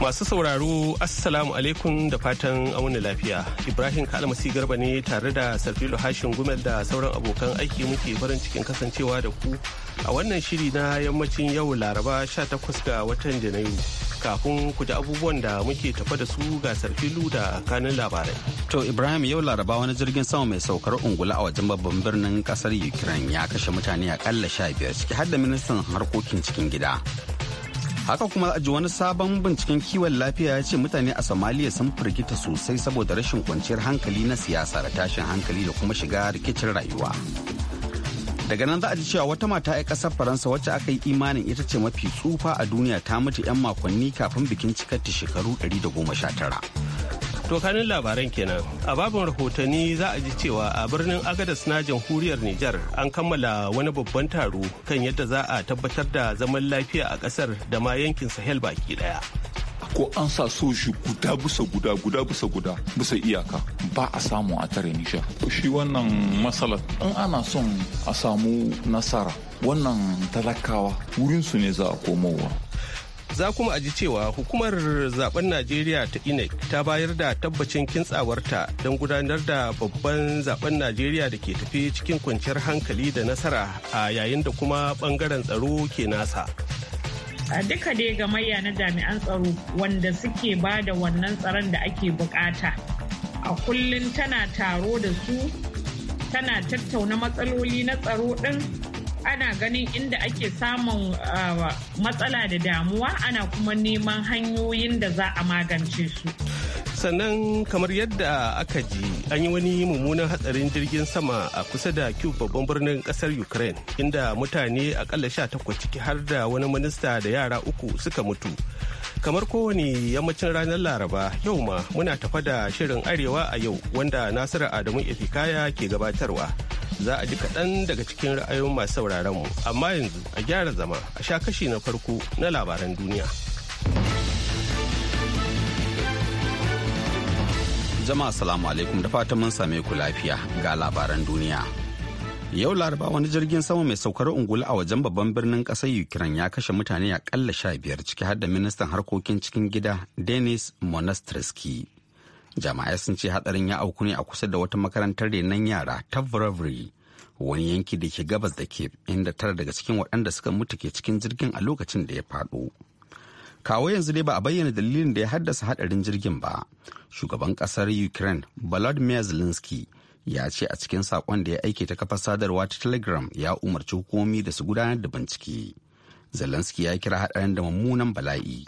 Masu sauraro Assalamu alaikum da fatan amuna lafiya. Ibrahim Kalmasi Garba ne tare da Sarfilo Hashin Gumel da sauran abokan aiki muke farin cikin kasancewa da ku a wannan shiri na yammacin yau Laraba 18 ga watan Janairu. Kafin ku ji abubuwan da muke tafa da su ga Sarfilu da kanin labarai. To Ibrahim yau Laraba wani jirgin sama mai saukar ungula a wajen babban birnin kasar Ukraine ya kashe mutane akalla 15 ciki har da ministan harkokin cikin gida. haka kuma a wani sabon binciken kiwon lafiya ya ce mutane a somalia sun firgita sosai saboda rashin kwanciyar hankali na siyasa da tashin hankali da kuma shiga rikicin rayuwa daga nan za a ji cewa wata mata 'ya kasar faransa wacce aka yi imanin ita ce mafi tsufa a duniya ta mutu 'yan makonni kafin bikin cikar ta shekaru 119 Tokanin labaran kenan. A babin rahotanni za a ji cewa a birnin Agadas na jamhuriyar Nijar an kammala wani babban taro kan yadda za a tabbatar da zaman lafiya a ƙasar da ma yankin Sahel baki ɗaya. Ko an sa soji guda bisa guda guda bisa guda bisa iyaka ba a samu a tare Nijar. Shi wannan matsalar in ana son a samu nasara wannan talakawa wurinsu ne za a komowa. za kuma aji cewa hukumar zaben najeriya ta inec ta bayar da tabbacin kintsawarta don gudanar da babban zaben najeriya da ke tafi cikin kwanciyar hankali da nasara a yayin da kuma bangaren tsaro ke nasa duka dai gamayya na jami'an tsaro wanda suke ba da wannan tsaron da ake bukata a kullum tana taro da su tana tattauna matsaloli na tsaro din ana ganin inda ake samun ah, matsala da damuwa ana kuma neman hanyoyin da za a magance su. sannan kamar yadda aka ji an yi wani mummunan hatsarin jirgin sama a kusa da cube babban birnin kasar ukraine inda mutane akalla 18 ciki har da wani minista da yara uku suka mutu kamar kowane yammacin ranar laraba yau ma muna tafa da shirin arewa a yau wanda nasiru adamu ifikaya ke gabatarwa za a ji kaɗan daga cikin ra'ayoyin masu sauraron mu amma yanzu a gyara zama a sha kashi na farko na labaran duniya jama'a salamu alaikum da fatan mun same ku lafiya ga labaran duniya yau laraba wani jirgin sama mai saukar ungulu a wajen babban birnin kasar ukraine ya kashe mutane kalla sha biyar ciki har da ministan harkokin cikin gida denis Monastirski. jama'ai sun ce hatsarin ya auku ne a kusa da wata makarantar renon yara ta Vravri wani yanki da ke gabas da ke inda tara daga cikin waɗanda suka mutu ke cikin jirgin a lokacin da ya faɗo kawo yanzu dai ba a bayyana dalilin da ya haddasa hadarin jirgin ba shugaban kasar ukraine volodymyr zelensky ya ce a cikin sakon da ya aike ta kafar sadarwa ta telegram ya umarci hukumomi da su gudanar da bincike zelensky ya kira haɗarin da mummunan bala'i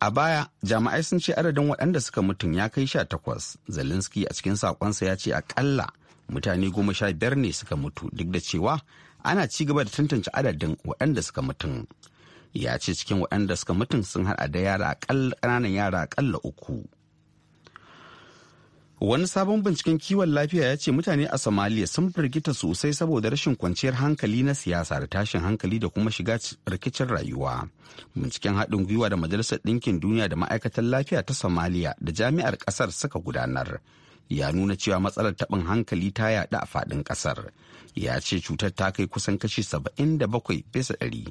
a baya jama'ai sun ce adadin waɗanda suka mutum ya kai sha takwas zelensky a cikin sakonsa ya ce akalla mutane goma sha biyar ne suka mutu duk da cewa ana ci gaba da tantance adadin waɗanda suka mutum ya ce cikin waɗanda suka mutum sun haɗa da yara ƙananan yara aƙalla uku wani sabon binciken kiwon lafiya ya ce mutane a Somalia sun firgita sosai saboda rashin kwanciyar hankali na siyasa da tashin hankali da kuma shiga rikicin rayuwa binciken haɗin gwiwa da majalisar ɗinkin duniya da ma'aikatan lafiya ta Somalia da jami'ar ƙasar suka gudanar ya nuna cewa matsalar taɓin hankali ta yaɗu a faɗin ƙasar ya ce cutar ta kai kusan kashi saba'in 77 bisa ɗari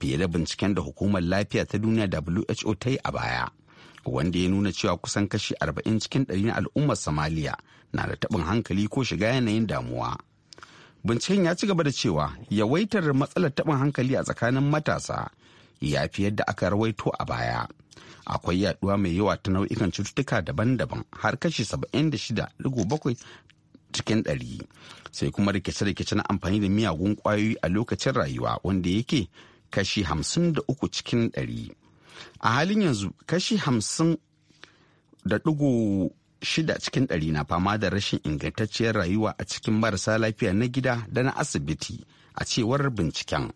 fiye da binciken da hukumar lafiya ta duniya who ta yi a baya. wanda ya nuna cewa kusan kashi 40 cikin 100 na al'ummar Somalia na da tabin hankali ko shiga yanayin damuwa. Binciken ya ci gaba da cewa yawaitar matsalar tabin hankali a tsakanin matasa ya fi yadda aka rawaito a baya. Akwai yaduwa mai yawa ta nau'ikan cututtuka daban-daban har kashi 76.7 cikin ɗari sai kuma rikice-rikice na amfani da miyagun kwayoyi a lokacin rayuwa wanda yake kashi 53 cikin ɗari. a halin yanzu kashi hamsin da ɗigo shida cikin ɗari na fama da rashin ingantacciyar rayuwa a cikin marasa lafiya na gida da na asibiti a cewar binciken.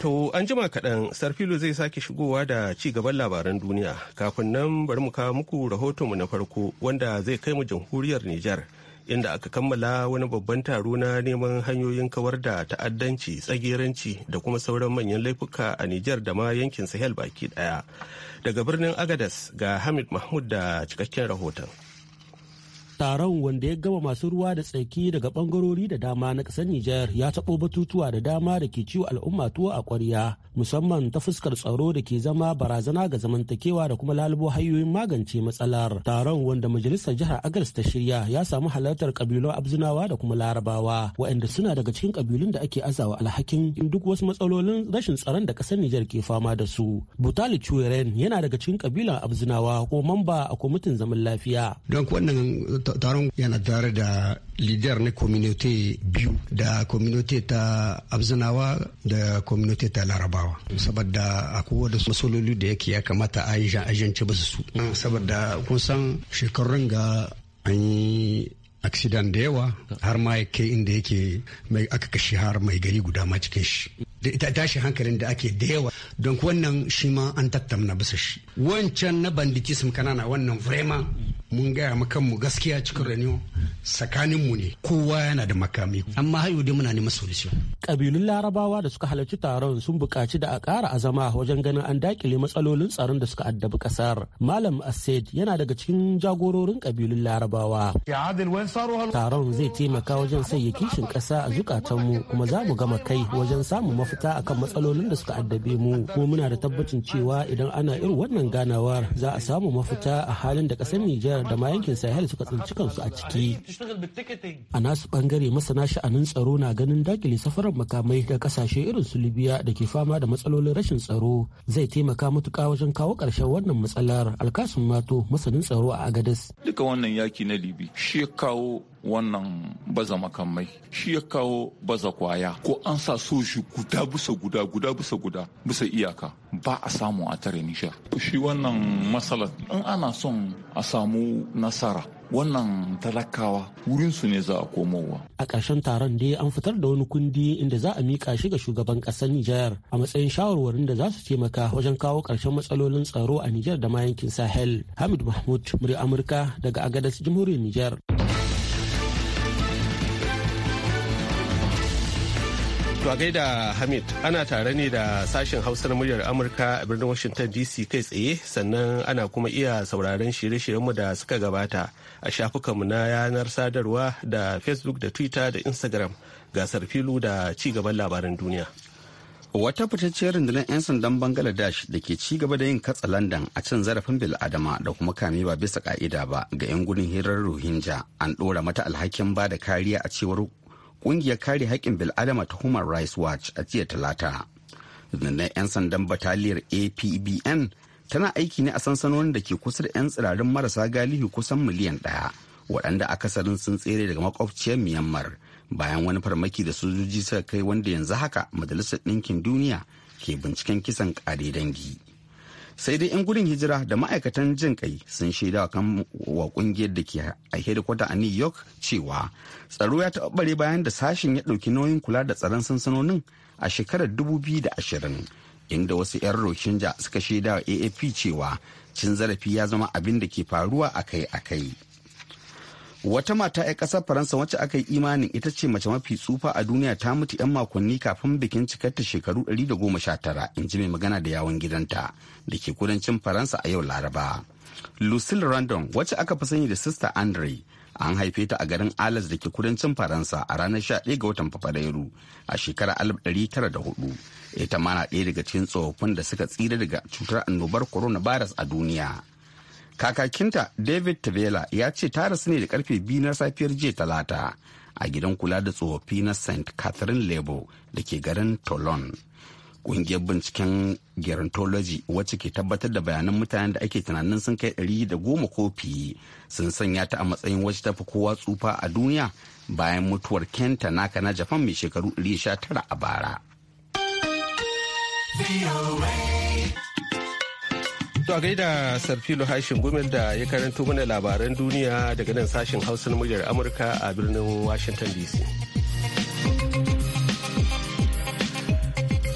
To an jima kaɗan Sarfilo zai sake shigowa da ci gaban labaran duniya kafin nan bari mu kawo muku rahotonmu na farko wanda zai kai mu jamhuriyar Nijar. inda aka kammala wani babban taro na neman hanyoyin kawar da ta'addanci tsageranci da kuma sauran manyan laifuka a Nijar da ma yankin Sahel baki daya. Daga birnin Agadas ga Hamid Mahmud da cikakken rahoton. taron wanda ya gama masu ruwa da tsaki daga bangarori da dama na ƙasar Nijar ya taɓo batutuwa da dama da ke ciwo al'umma tuwo a ƙwarya musamman ta fuskar tsaro da ke zama barazana ga zamantakewa da kuma lalubo hanyoyin magance matsalar. Taron wanda majalisar jihar Agals ta shirya ya samu halartar kabilun Abzinawa da kuma Larabawa waɗanda suna daga cikin kabilun da ake azawa alhakin duk wasu matsalolin rashin tsaron da ƙasar Nijar ke fama da su. Butali Chueren yana daga cikin kabilan Abzinawa ko mamba a kwamitin zaman lafiya. Don wannan taron yana tare da lidar na community biyu da community ta abzinawa da community ta larabawa saboda akwai da masololi da yake ya kamata a yi ajiyance ba su mm, saboda kun san shekarun ga an yi accident da yawa har ma ya kai inda yake mai aka kashe har mai gari guda ma cikin shi da ita tashi hankalin da ake da yawa don wannan shi ma an tattamna bisa shi wancan na banditism kanana wannan vrema mun gaya mu kanmu gaskiya cikin raniyo tsakaninmu ne kowa yana da makami amma hayo dai muna neman solution kabilun larabawa da suka halarci taron sun buƙaci da a ƙara azama wajen ganin an dakile matsalolin tsaron da suka addabi ƙasar malam assad yana daga cikin jagororin kabilun larabawa taron zai taimaka wajen sanya kishin ƙasa a zukatanmu kuma za mu gama kai wajen samun mafita akan matsalolin da suka addabe mu kuma muna da tabbacin cewa idan ana irin wannan ganawar za a samu mafita a halin da ƙasar Nijar da ma yankin Sahel suka tsinci kansu a ciki. A nasu bangare masana sha'anin tsaro na ganin dakile safarar makamai da kasashe irin su Libya da ke fama da matsalolin rashin tsaro zai taimaka matuka wajen kawo ƙarshen wannan matsalar. Alkasun Mato masanin tsaro a Agadis. Duka wannan yaki na Libi shi kawo wannan baza makamai shi ya kawo baza kwaya ko an sa soji guda bisa guda guda bisa guda bisa iyaka ba a samu a tare nisha shi wannan matsalar in ana son a samu nasara wannan talakawa wurinsu ne za a komowa. A ƙarshen taron dai an fitar da wani kundi inda za a miƙa shi ga shugaban ƙasar Nijar a matsayin shawarwarin da za su taimaka wajen kawo ƙarshen matsalolin tsaro a Nijar da ma yankin Sahel. Hamid Mahmud, murya Amurka daga agadas Jamhuriyar Nijar. To a gaida Hamid ana tare ne da sashen Hausa na muryar Amurka a birnin Washington DC kai tsaye sannan ana kuma iya sauraron shirye-shiryenmu da suka gabata a mu na yanar sadarwa da Facebook da Twitter da Instagram gasar filu da ci gaban labaran duniya. Wata fitacciyar rundunar 'yan sandan Bangladesh da ke ci gaba da yin katsa London a cin zarafin bil'adama da kuma kame ba bisa ka'ida ba ga 'yan gudun hirar Rohingya an ɗora mata alhakin ba da kariya a cewar kungiyar kare haƙƙin bil'adama ta human rights watch a jiya talata rundunar 'yan sandan bataliyar apbn tana aiki ne a sansanonin da ke kusa da 'yan tsirarin marasa galihu kusan miliyan ɗaya waɗanda akasarin sun tsere daga makwabciyar myanmar bayan wani farmaki da sojoji suka kai wanda yanzu haka majalisar ɗinkin duniya ke binciken kisan ƙare dangi sai dai 'yan gudun hijira da ma'aikatan jin kai sun shaida kan wa kungiyar da ke a hedikwata a new york cewa tsaro ya taɓa bayan da sashen ya ɗauki nauyin kula da tsaron sansanonin a shekarar 2020 inda wasu 'yan roshinja suka shaida wa afp cewa cin zarafi ya zama abin da ke faruwa akai-akai. wata mata 'yan ƙasar faransa wacce aka yi imanin ita ce mace mafi tsufa a duniya ta mutu 'yan makonni kafin bikin cikarta shekaru 119 in ji mai magana da yawon gidanta da ke kudancin faransa a yau laraba lucille randon wacce aka fi sani da sister andre an haife ta a garin alas da ke kudancin faransa a ranar 11 ga watan fabrairu a shekarar 1904 ita mana na ɗaya daga cikin tsofaffin da suka tsira daga cutar annobar coronavirus a duniya kakakinta david tavela ya ce ta rasu ne da karfe biyu na safiyar jiya talata a gidan kula da tsofaffi na st catherine lebo da ke garin tolon kungiyar binciken gerontology wacce ke tabbatar da bayanan mutanen da ake tunanin sun kai ɗari da goma kofi sun sanya ta a matsayin wacce ta fi kowa tsufa a duniya bayan mutuwar kenta naka na japan mai shekaru 19 a bara. To a gaida Sarfilo Hashin Gumel da ya karanto mana labaran duniya daga nan sashen Hausa na muryar Amurka a birnin Washington DC.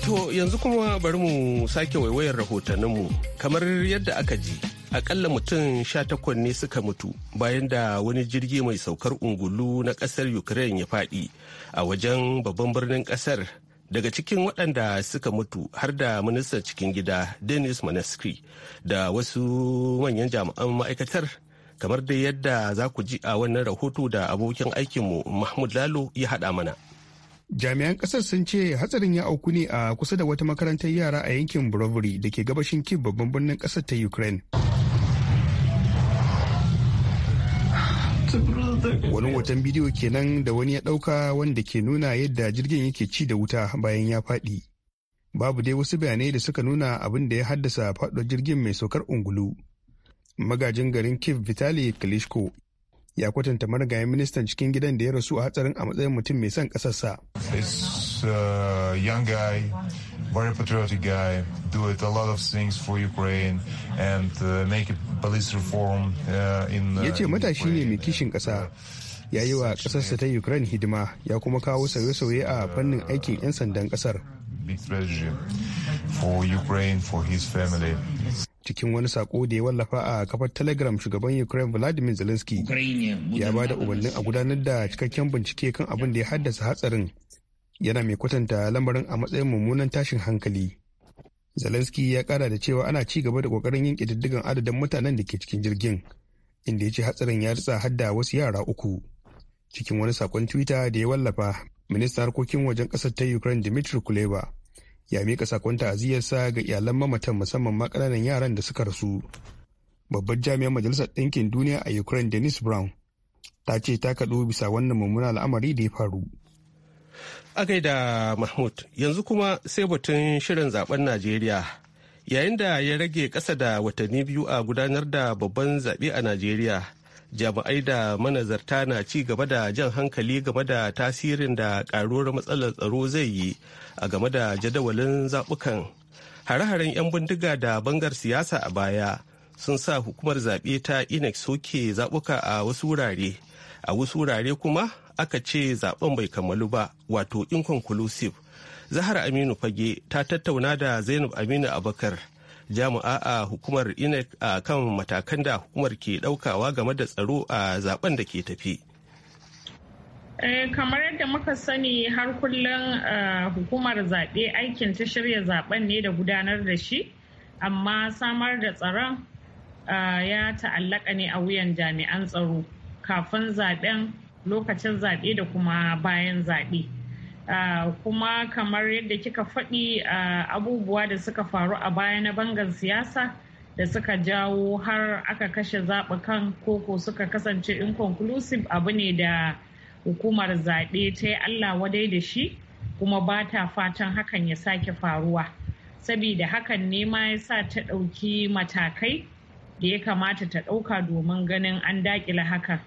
To yanzu kuma bari mu sake waiwayar rahotanninmu kamar yadda aka ji. Akalla mutum sha takwas ne suka mutu bayan da wani jirgi mai saukar ungulu na kasar Ukraine ya faɗi a wajen babban birnin kasar daga cikin waɗanda suka mutu har da ministan cikin gida denis manaskri da wasu manyan jami'an ma'aikatar kamar dai yadda za ku ji a wannan rahoto da abokin aikinmu mahmud lalo ya haɗa mana jami'an ƙasar sun ce hatsarin ya auku ne a kusa da wata makarantar yara a yankin bravery da ke gabashin kib babban birnin ƙasar ta ukraine wani hoton bidiyo kenan da wani ya ɗauka wanda ke nuna yadda jirgin yake ci da wuta bayan ya faɗi babu dai wasu bayanai da suka nuna abin da ya haddasa faɗo jirgin mai saukar ungulu magajin garin kif vitali Kalishko ya kwatanta marigayen ministan cikin gidan da ya rasu a hatsarin a matsayin mutum mai son ƙasarsa. Uh, very patriotic guy, do it a lot for Ukraine and uh, make reform uh, uh Ya matashi ne mai kishin ƙasa. Ya yi wa ƙasarsa ta Ukraine hidima ya kuma kawo sauye-sauye a fannin aikin 'yan sandan ƙasar. cikin wani sako da ya wallafa a kafar telegram shugaban ukraine vladimir zelensky ya ba da umarnin a gudanar da cikakken bincike kan abin da ya haddasa hatsarin yana mai kwatanta lamarin a matsayin mummunan tashin hankali zelensky ya kara da cewa ana ci gaba da kokarin yin ƙididdigan adadin mutanen da ke cikin jirgin inda ya ce hatsarin ya ritsa hadda wasu yara uku cikin wani sakon twitter da ya wallafa ministan harkokin wajen ƙasar ta ukraine dmitry kuleba ya miƙa sakon ta'aziyarsa ga iyalan mamatan musamman ma yaran da suka rasu. Babbar jami'an Majalisar Ɗinkin Duniya a Ukraine denis Brown ta ce ta kaɗo bisa wannan mummuna al'amari da ya faru. A gaida Mahmud, yanzu kuma sai batun shirin zaben Najeriya. Yayin da ya rage ƙasa da watanni biyu a gudanar da babban zaɓe a Najeriya, jami'ai da manazarta na ci gaba da jan hankali game da tasirin da karuwar matsalar tsaro zai yi a game da jadawalin zabukan hare-haren 'yan bindiga da bangar siyasa a baya sun sa hukumar zaɓe ta inex soke zaɓuka a wasu wurare a wasu wurare kuma aka ce zaɓen bai kammalu ba wato inconclusive zahar aminu fage ta tattauna da zainab aminu abakar jami'a a hukumar inec a kan matakan da hukumar ke daukawa game da tsaro a zaben da ke tafi eh, kamar yadda muka sani har kullum eh, hukumar zaɓe aikin ta shirya zaben ne da gudanar da shi amma samar da tsaron eh, ya ta'allaka ne a wuyan jami'an tsaro kafin zaɓen lokacin zaɓe da kuma bayan zaɓe. Ah, kuma kamar yadda kika faɗi ah, abubuwa da suka faru a baya na bangar siyasa da suka jawo har aka kashe zaɓukan koko suka kasance inconclusive abu ne da hukumar zaɓe ta yi allah wadai da shi kuma ba ta fatan hakan ya sake faruwa sabida hakan ne ma ya sa ta ɗauki matakai da ya kamata ta ɗauka domin ganin an daƙile hakan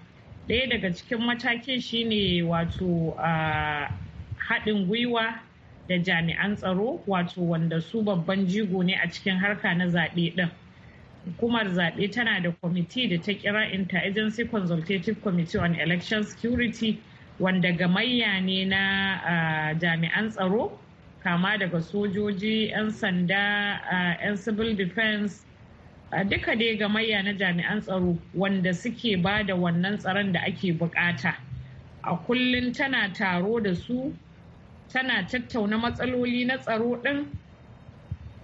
ɗaya daga cikin matakin shine wato uh, haɗin gwiwa da jami'an tsaro wato wanda su babban jigo ne a cikin harka na zaɓe ɗin. Hukumar zaɓe tana da kwamiti da ta kira Interagency Consultative Committee on Election Security wanda gamayya ne na jami'an tsaro kama daga sojoji 'yan sanda 'yan civil defense duka dai gamayya na jami'an tsaro wanda suke ba da wannan tsaron da ake bukata a kullum tana taro da su tana tattauna matsaloli na tsaro ɗin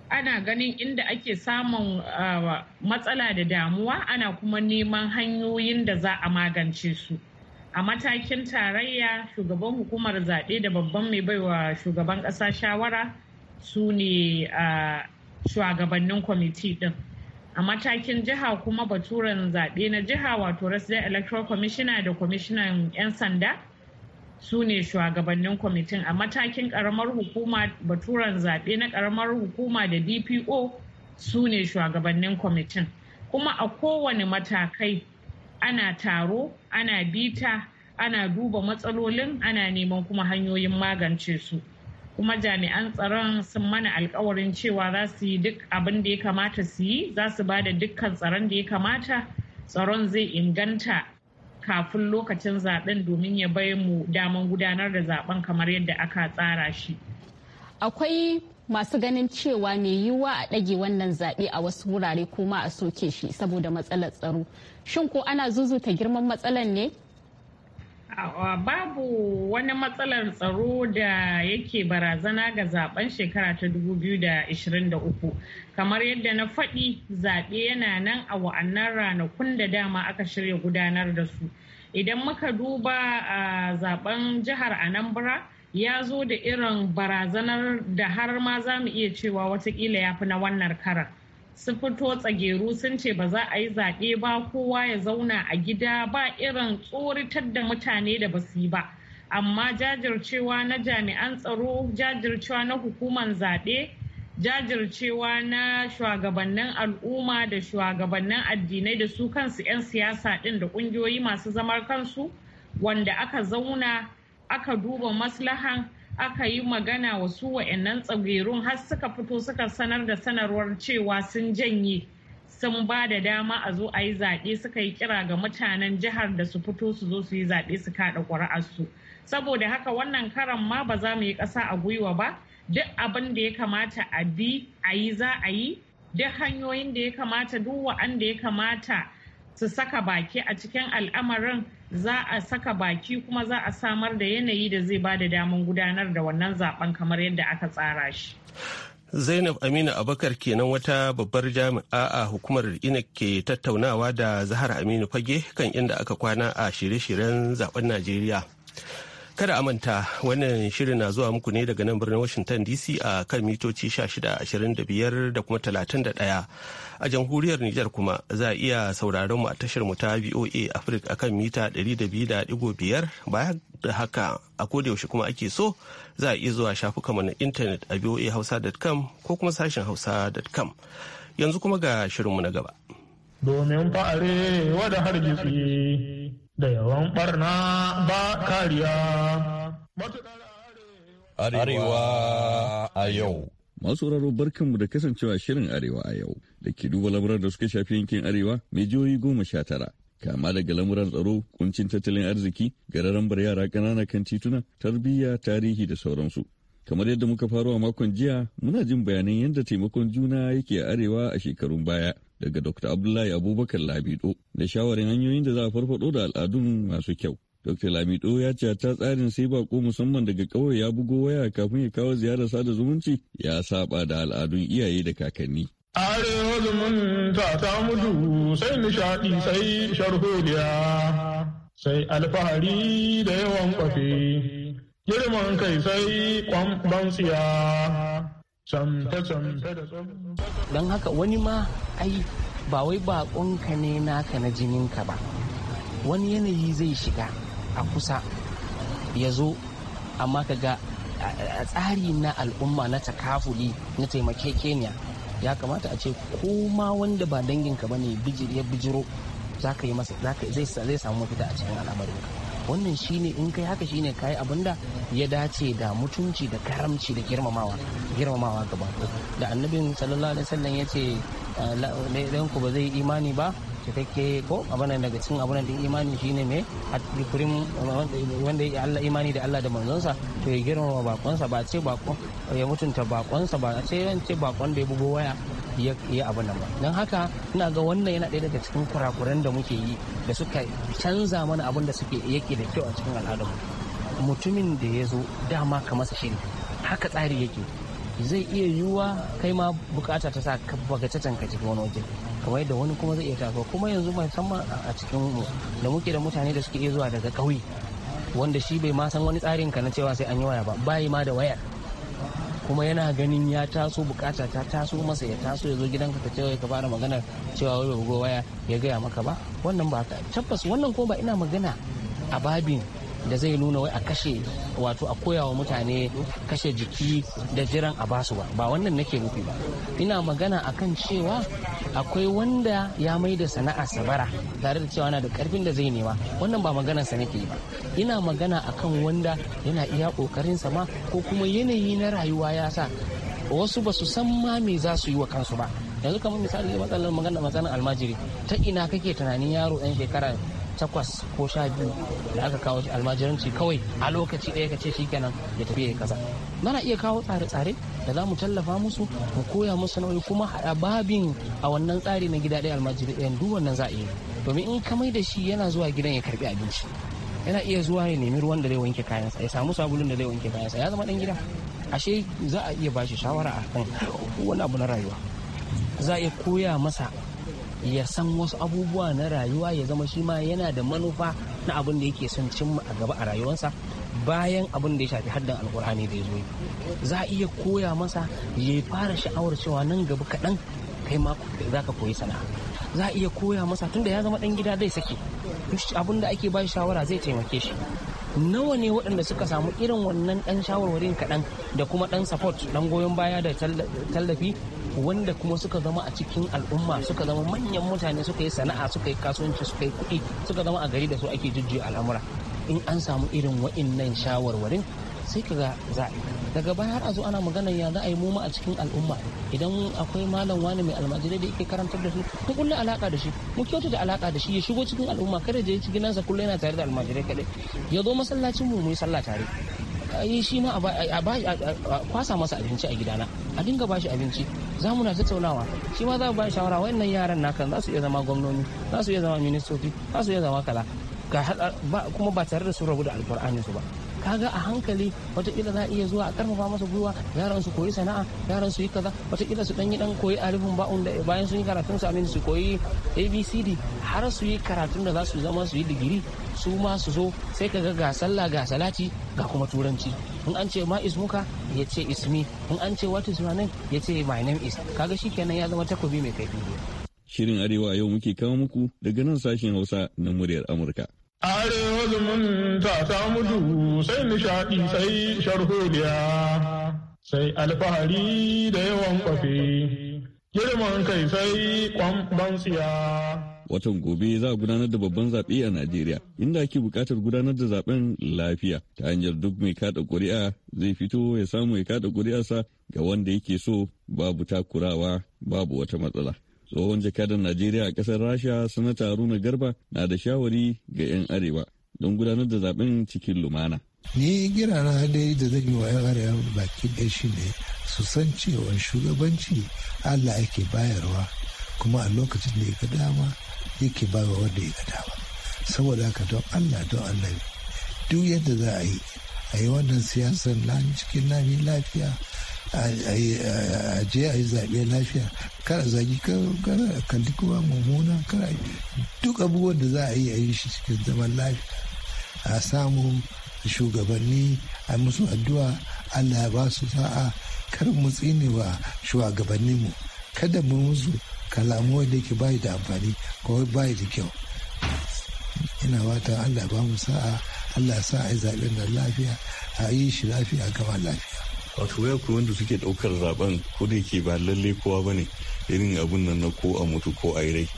ana ganin inda ake samun ah, matsala da damuwa ana kuma neman hanyoyin da za a magance su a matakin tarayya shugaban hukumar zaɓe da babban mai baiwa shugaban ƙasa shawara su ne ah, shugabannin kwamiti ɗin a matakin jiha kuma baturen zaɓe na jiha wato resident electoral commissioner da kwamishinan 'yan sanda su ne shugabannin kwamitin a matakin karamar hukuma baturan zaɓe na karamar hukuma da dpo su ne shugabannin kwamitin kuma a kowane matakai ana taro ana bita ana duba matsalolin ana neman kuma hanyoyin magance su kuma jami'an tsaron sun mana alkawarin cewa za su yi duk abin da ya kamata su yi za su ba da dukkan tsaron da ya kamata tsaron zai inganta kafin lokacin zaben domin ya bai mu daman gudanar da zaben kamar yadda aka tsara shi akwai masu ganin cewa mai yiwuwa a ɗage wannan zaɓe a wasu wurare kuma a soke shi saboda matsalar tsaro shin ko ana zuzuta girman matsalar ne babu wani matsalar tsaro da yake barazana ga zaben shekara ta 2023 kamar yadda na faɗi zaɓe yana nan a wa'annan ranakun da dama aka shirya gudanar da su idan muka duba a zaben jihar anambra ya zo da irin barazanar da har ma za mu iya cewa watakila ya fi na wannan karar su fito tsageru sun ce ba za a yi zaɓe ba kowa ya zauna a gida ba irin tsoritar da mutane da ba su yi ba amma jajircewa na jami'an tsaro jajircewa na hukumar zaɓe jajircewa na shugabannin al'umma da shugabannin addinai da su kansu 'yan siyasa ɗin da ƙungiyoyi masu zamar kansu wanda aka zauna aka duba maslahan aka yi magana wa su wa'annan tsagerun har suka fito suka sanar da sanarwar cewa sun janye sun ba da dama a zo a yi zaɓe suka yi kira ga mutanen jihar da su fito su zo su yi zaɓe su kaɗa ƙuri'arsu saboda haka wannan karan ma ba za mu yi ƙasa a gwiwa ba duk abin da ya kamata a bi a yi za a yi duk hanyoyin da ya kamata duk wa'anda ya kamata su saka baki a cikin al'amarin za a saka baki kuma za a samar da yanayi da zai ba da daman gudanar da wannan zaben kamar yadda aka tsara shi. Zainab Aminu Abakar kenan wata babbar jami'a a hukumar INEC ke tattaunawa da Zahar Aminu Fage kan inda aka kwana a shirye-shiryen zaben Najeriya. Kada a manta wannan shirin na zuwa muku ne daga nan birnin Washington DC a kan mitoci 25 da kuma 31. a jamhuriyar Nijar kuma za a iya sauraron mu a tashar mu ta VOA Africa akan mita 200.5 baya da haka a yaushe kuma ake so za a iya zuwa shafukanmu na intanet a voahausa.com ko kuma sashen hausa.com yanzu kuma ga shirin mu na gaba. Domin fa'are wada hargitsi da yawan barna ba kariya. Arewa a yau. Masu sauraro barkanmu da kasancewa shirin Arewa a yau da ke duba lamuran da suka shafi yankin Arewa mai jihohi goma sha tara. Kama daga lamuran tsaro, kuncin tattalin arziki, gararan bar yara ƙanana kan tituna, tarbiyya, tarihi da sauransu. Kamar yadda muka faro a makon jiya, muna jin bayanan yadda taimakon juna yake a Arewa a shekarun baya daga Dr. Abdullahi Abubakar Labido da shawarin hanyoyin da za a farfado da al'adun masu kyau. Dr. Lamido ya ce ta tsarin sai bako musamman daga kawai ya bugo waya kafin ya kawo ziyarar sada zumunci ya saba da al'adun iyaye da kakanni. Are zumunta ta mutu sai nishaɗi sai sharholiya sai alfahari da yawan kwafe girman kai sai kwamban tsiya. Don haka wani ma ai ba wai baƙonka ne naka na jininka ba wani yanayi zai shiga a kusa ya zo amma ka ga a tsari na al'umma na takafuli na taimake taimakekeniya ya kamata a ce ko wanda ba danginka ba ne ya bijiro zai samu mafita a cikin al'amarinka wannan shine in kai haka shine kayi abin da ya dace da mutunci da karamci da girmamawa girmamawa gaba da annabin sallallahu alaihi wasallam ya ce ah, ba zai imani ba cikakke ko abin daga cikin abin da imani shine me ikrim uh, wanda ya Allah imani da Allah da manzonsa to ya girmama bakonsa ba ce ya mutunta bakonsa ba ce ce bakon da ya bugo waya ya abin nan ba don haka ina ga wannan yana ɗaya daga cikin kurakuran da muke yi da suka canza mana abun da suke yake da kyau a cikin al'adun mutumin da ya zo dama ka masa shiri haka tsari yake zai iya yiwuwa kai ma bukata ta sa ka baka ka cikin wani waje kamar da wani kuma zai iya tafiya kuma yanzu musamman a cikin mu da muke da mutane da suke iya zuwa daga kauye wanda shi bai ma san wani tsarin ka na cewa sai an yi waya ba bayi ma da wayar kuma yana ganin ya taso bukata ta taso masa ya taso ya zo gidanka ka cewa ka fara magana cewa wai bugo waya ya gaya maka ba wannan ba tabbas wannan ko ba ina magana a babin da zai nuna wai a kashe wato a koyawa mutane kashe jiki da jiran a basu ba ba wannan nake nufi ba ina magana akan cewa akwai wanda ya mai da sana'a sabara tare da cewa na da karfin da zai nema wannan ba magana sa nake ba ina magana akan wanda yana iya kokarin sa ma ko kuma yanayi na rayuwa ya sa wasu ba su san ma me za su yi wa kansu ba yanzu kamar misali matsalar magana matsalar almajiri ta ina kake tunanin yaro yan shekara takwas ko sha biyu da aka kawo shi almajiranci kawai a lokaci ɗaya ka ce shi kenan ya tafi ya kasa mana iya kawo tsare-tsare da za mu tallafa musu mu koya musu nauyi kuma haɗa babin a wannan tsari na gida ɗaya almajiri ɗayan duk wannan za a yi domin in ka mai da shi yana zuwa gidan ya karbi abinci yana iya zuwa ya nemi ruwan da zai wanke kayansa ya samu sabulun da zai wanke kayansa ya zama ɗan gida ashe za a iya bashi shawara a kan wani abu na rayuwa za a koya masa ya san wasu abubuwa na rayuwa ya zama shi ma yana da manufa na abin da yake son cimma a gaba a rayuwarsa bayan abin da ya shafi haddan alkur'ani da ya zo za a iya koya masa ya fara sha'awar cewa nan gaba kaɗan kai ma za ka koyi sana'a za a iya koya masa tunda ya zama ɗan gida zai sake abin da ake bashi shawara zai taimake shi nawa ne waɗanda suka samu irin wannan ɗan shawarwarin kaɗan da kuma ɗan support ɗan goyon baya da tallafi wanda kuma suka zama a cikin al'umma suka zama manyan mutane suka yi sana'a suka yi kasuwanci suka yi kuɗi suka zama a gari da su ake jujjuya al'amura in an samu irin waɗannan shawarwarin sai ka ga za a daga baya har a zo ana magana ya za a yi muma a cikin al'umma idan akwai malam wani mai almajirai da yake karantar da su ta kullum alaka da shi mu kyautu da alaka da shi ya shigo cikin al'umma kada je cikin nasa kullum yana tare da almajirai kadai ya zo masallacin mu mu yi sallah tare yi shi ma a kwasa masa abinci a gidana a dinga bashi abinci za mu na tattaunawa shi ma za mu bashi shawara wannan yaran naka za su iya zama gwamnoni za su iya zama ministoci za su iya zama kala kuma ba tare da su rabu da alkur'ani su ba ka ga a hankali wataƙila za a iya zuwa a karfafa masa gwiwa yaran su koyi sana'a yaran su yi kaza wataƙila su dan yi ɗan koyi arifin ba'un da bayan sun yi karatun su amin su koyi abcd har su yi karatun da za su zama su yi digiri su ma su zo sai kaga ga sallah ga salati ga kuma turanci in an ce ma ismuka ya ce ismi in an ce what is your name ya ce my name is kaga shikenan ya zama takobi mai kaifi Shirin Arewa yau muke kawo muku daga nan sashen Hausa na muryar Amurka. zumunta ta mutu sai nishaɗi sai sharholiya sai alfahari da yawan kwafe girman kai sai kwamban tsiya. watan gobe za a gudanar da babban zaɓe a Najeriya inda ake buƙatar gudanar da zaɓen lafiya ta hanyar duk mai kaɗa ƙuri'a zai fito ya samu ya kaɗa ƙuri'arsa ga wanda yake so babu takurawa babu wata matsala. Tsohon jakadan Najeriya a ƙasar Rasha sanata Haruna Garba na da shawari ga 'yan Arewa don gudanar da zaben cikin lumana. Ni girana dai da zan yi wa 'yan bakin baki ɗaya shi ne su san cewa shugabanci Allah ake bayarwa kuma a lokacin da ya ga dama yake bawa wanda ya ga dama. Saboda haka don Allah don Allah duk yadda za a yi a yi wannan siyasar cikin lafiya a je a yi zaɓe lafiya kar a zagi kar a kalli mummuna kar a duk abubuwan da za a yi a yi shi cikin zaman lafiya a samu shugabanni a musu addu'a allah ya ba su sa'a kar mu tsini wa shugabanninmu kada mu musu kalamu wanda yake bayi da amfani ko bayi da kyau ina wata allah ba mu sa'a allah ya sa a yi zaɓen da lafiya a yi shi lafiya gama lafiya wato wai ko wanda suke ɗaukar zaben ko da yake ba lalle kowa bane irin abun nan na ko a mutu ko a rai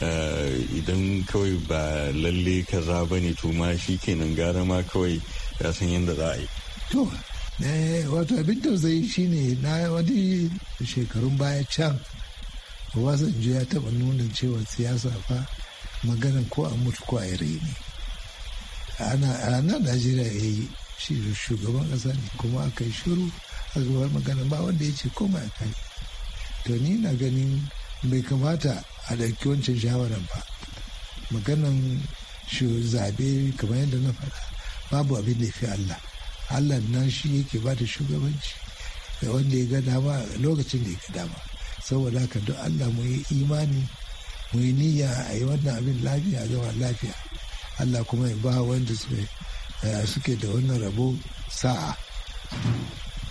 eh, idan kawai ba lalle kaza bane to ma shi kenan gara ma kawai ya san yadda za a yi to eh, wato abin tausayi ne na wani shekarun baya can ji ya taba nuna cewa siyasa fa magana ko a mutu ko a rai ne. A nan Najeriya ya yi shi shugaban ƙasa ne kuma aka yi shuru a gabar magana ba wanda ya ce koma ya kai to ni na ganin bai kamata a ɗauki wancan shawaran ba maganan zabe kamar yadda na faɗa babu abin da ya fi Allah Allah na shi yake ba da shugabanci da wanda ya ga dama lokacin da ya ga dama saboda haka duk Allah mu yi imani mu yi niyya a yi wannan abin lafiya zama lafiya Allah kuma ya ba wanda suka Eh, suke da wannan rabo sa'a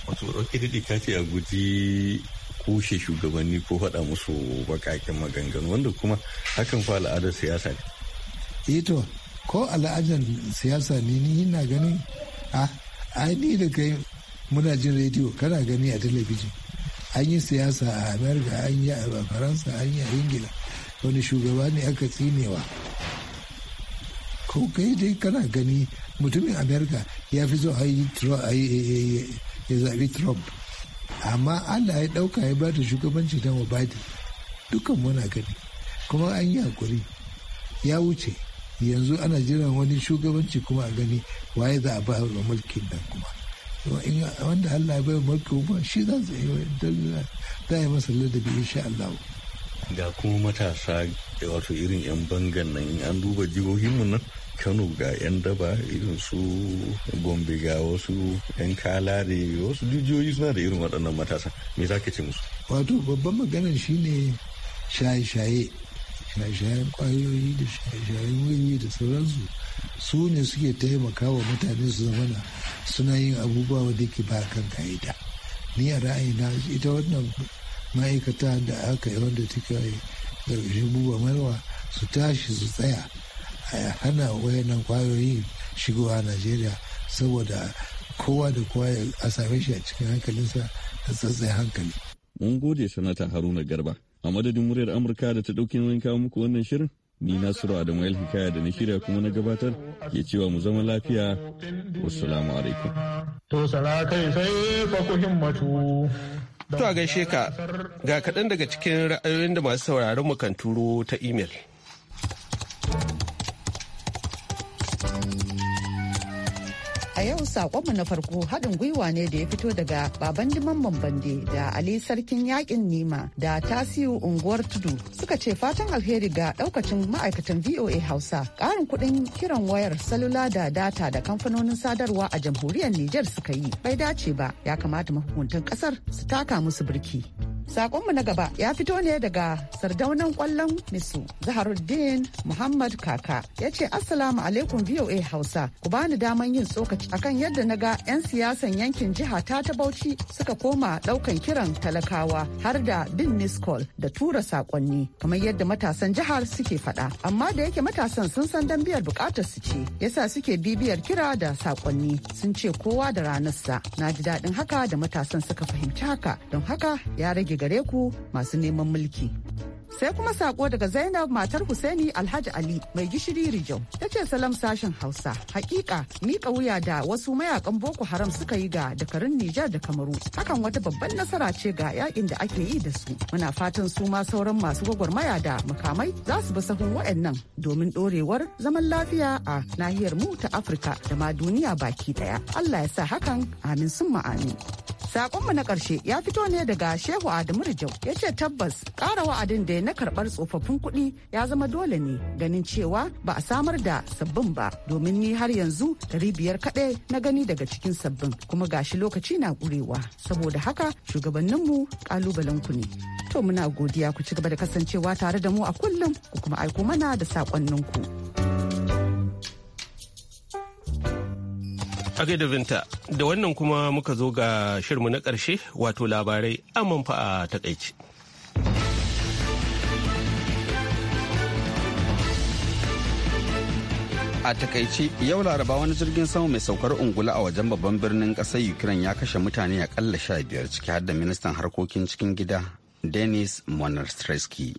wato ɗauki da ka a guji kushe shugabanni ko faɗa musu baƙaƙen maganganu wanda kuma hakan fa al'adar siyasa ne ito eh ko al'adar siyasa ne ni ina ganin a ni da kai muna jin rediyo kana gani a talabijin an yi siyasa a america an yi a faransa an yi a ingila wani shugaba ne aka tsinewa ko kai dai kana gani mutumin america ya fi zo a yi zaɓi trump amma allah ya ɗauka ya ba da shugabanci don obadi dukkan muna gani kuma an yi hakuri ya wuce yanzu ana jiran wani shugabanci kuma a gani waye za a ba wa mulkin nan kuma wanda allah ya bai mulkin kuma shi za a yi masa ladabi insha allahu ga kuma matasa wato irin 'yan bangan nan an duba jihohinmu nan kano ga 'yan daba irin su gombe ga wasu 'yan kalare wasu jijiyoyi suna da irin waɗannan matasa me za ka ce musu wato babban maganar shine shaye-shaye shaye-shayen kwayoyi da shaye-shayen wuri da sauransu su ne suke taimaka wa mutane su zamana suna yin abubuwa wadda ke ba kan ka'ida ni a ra'ayina ita wannan ma'aikata da aka yi wanda take ƙarƙashin buba maiwa su tashi su tsaya a hana wayannan kwayoyin shigowa najeriya saboda kowa da kowa a same shi a cikin hankalinsa da tsatsai hankali. mun gode sanata haruna garba a madadin muryar amurka da ta ɗauki nauyin kawo muku wannan shirin ni nasiru adamu el hikaya da na shirya kuma na gabatar ke cewa mu zama lafiya wassalamu alaikum to sala kai sai fa ku himmatu To a gaishe ka ga kaɗan daga cikin ra'ayoyin da masu sauraron mu kan turo ta imel. yau sakonmu na farko haɗin gwiwa ne da ya fito daga baban diman bambande da Ali Sarkin Yakin Nima da Tasiu Unguwar Tudu suka ce fatan alheri ga ɗaukacin ma'aikatan VOA Hausa. Ƙarin kuɗin kiran wayar salula da data da kamfanonin sadarwa a jamhuriyar niger suka yi bai dace ba ya kamata mahukuntan ƙasar su taka musu birki. Sakonmu na gaba ya fito ne daga sardaunan kwallon misu Zaharuddin Muhammad Kaka ya ce Assalamu alaikum VOA Hausa ku bani daman yin tsokaci akan yadda na ga 'yan siyasan yankin jiha ta ta Bauchi suka koma daukan kiran talakawa har da bin miscall da tura saƙonni kamar yadda matasan jihar suke faɗa amma da yake matasan sun san dan biyar bukatar su ce yasa suke bibiyar kira da sakonni sun ce kowa da ranarsa na ji daɗin haka da matasan suka fahimci haka don haka ya rage gare ku masu neman mulki. Sai kuma sako daga Zainab matar Husaini Alhaji Ali mai gishiri Rijau ta ce salam sashen Hausa. Hakika ni wuya da wasu mayakan Boko Haram suka yi ga dakarun Nijar da Kamaru. Hakan wata babban nasara ce ga yakin da ake yi da su. Muna fatan su ma sauran masu gwagwarmaya da makamai za su bi sahun waɗannan domin ɗorewar zaman lafiya a nahiyar mu ta Afirka da ma duniya baki ɗaya. Allah ya sa hakan amin sun ma'amin. Sakonmu na ƙarshe ya fito ne daga Shehu Adamu Rijau ya ce tabbas ƙara wa'adin da ya na karɓar tsofaffin kuɗi ya zama dole ne ganin cewa ba a samar da sabbin ba domin ni har yanzu ɗari biyar kaɗai na gani daga cikin sabbin kuma gashi lokaci na ƙurewa saboda haka shugabanninmu ƙalubalen ku ne. To muna godiya ku ci gaba da kasancewa tare da mu a kullum ku kuma aiko mana da saƙonninku. ku. A gaida Binta, da wannan kuma muka zo ga shirmu na ƙarshe wato labarai aman fa'a a takaici. a takaice yau laraba wani jirgin sama mai saukar ungula a wajen babban birnin kasar ukraine ya kashe mutane kalla sha biyar ciki har da ministan harkokin cikin gida denis monastreski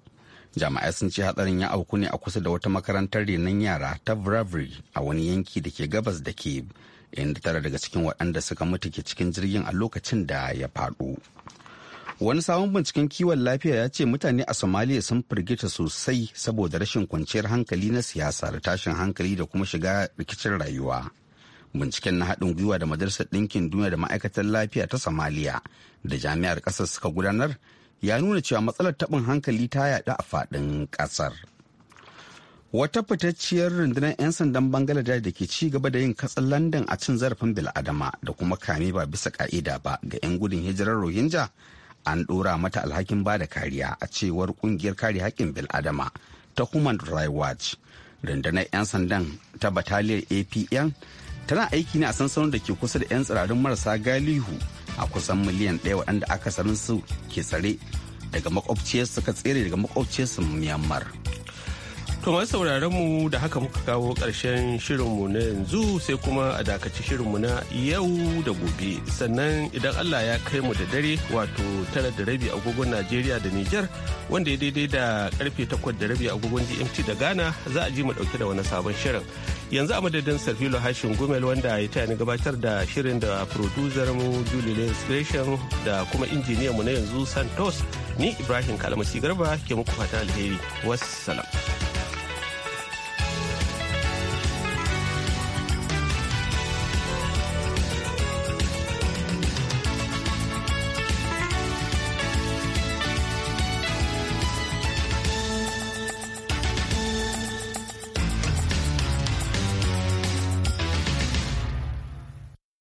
jama'ai sun ce hatsarin ya auku ne a kusa da wata makarantar renon yara ta bravery a wani yanki da ke gabas da kiev inda tara daga cikin waɗanda suka mutu ke cikin jirgin a lokacin da ya faɗo. Wani sabon binciken kiwon lafiya ya ce mutane a Somalia sun firgita sosai saboda rashin kwanciyar hankali na siyasa da tashin hankali da kuma shiga rikicin rayuwa. Binciken na haɗin gwiwa da Majalisar Ɗinkin Duniya da Ma'aikatan Lafiya ta Somalia da jami'ar ƙasar suka gudanar ya nuna cewa matsalar taɓin hankali ta yaɗu a faɗin ƙasar. wata fitacciyar rundunar 'yan sandan bangaladesh da ke ci gaba da yin katsan london a cin zarafin bil'adama da kuma kame ba bisa ka'ida ba ga 'yan gudun hijirar rohingya an ɗora mata alhakin ba da kariya a cewar kungiyar kare haƙƙin bil'adama ta human rights watch rundunar 'yan sandan ta bataliyar apn tana aiki ne a sansanin da ke kusa da 'yan tsirarin marasa galihu a kusan miliyan ɗaya waɗanda aka akasarin su ke tsare daga makwabciyarsu ka tsere daga makwabciyarsu myanmar To masu sauraron mu da haka muka kawo ƙarshen shirinmu na yanzu sai kuma a dakaci shirinmu na yau da gobe. Sannan idan Allah ya kai mu da dare wato tara da rabi agogon Najeriya da Nijar wanda ya daidai da karfe takwas da rabi agogon GMT da Ghana za a ji mu dauke da wani sabon shirin. Yanzu a madadin Sarfilo Hashin Gumel wanda ya taya gabatar da shirin da producer mu Julie Lane da kuma injiniyan mu na yanzu Santos ni Ibrahim Kalmasi Garba ke muku fatan alheri. Wassalam.